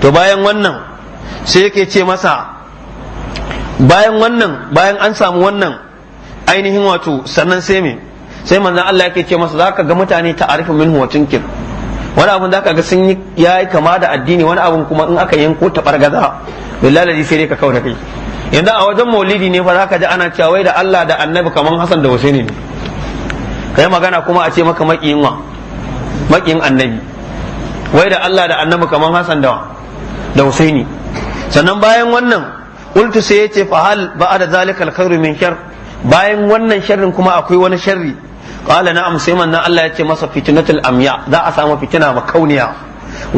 to bayan wannan sai yake ce masa bayan wannan bayan an samu wannan ainihin wato sannan sai me sai manzon Allah yake ce masa zaka ga mutane ta'arifu minhu wa tunkir wani abun da ga sun yi yayi kama da addini wani abun kuma in aka yanko ta bargaza billahi sai dai ka kauda kai yanzu a wajen maulidi ne fa zaka ji ana cewa da Allah da Annabi kaman Hassan da Husaini ne kai magana kuma a ce maka makiyin wa makiyin Annabi wai da Allah da Annabi kaman Hassan da da Husaini sannan bayan wannan qultu sai yace fa hal ba'da zalika alkhairu min shar bayan wannan sharrin kuma akwai wani sharri qala na'am sai manzon Allah ce masa fitnatul amya za a samu fitina makauniya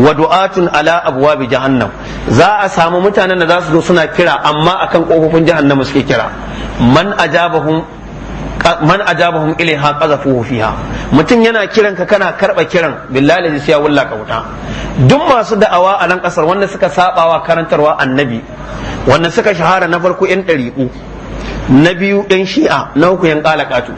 wa du'atun ala wabi jahannam za a samu mutanen da za su zo suna kira amma akan kofofin jahannama suke kira man ajabahum man ajabahum ilaiha qazafuhu fiha mutum yana kiran ka kana karba kiran billahi sai ya wulla wuta duk masu da'awa a nan kasar wanda suka sabawa karantarwa annabi wanda suka shahara na farko yan ɗariƙu na biyu ɗan shi'a na uku yan qalaqatu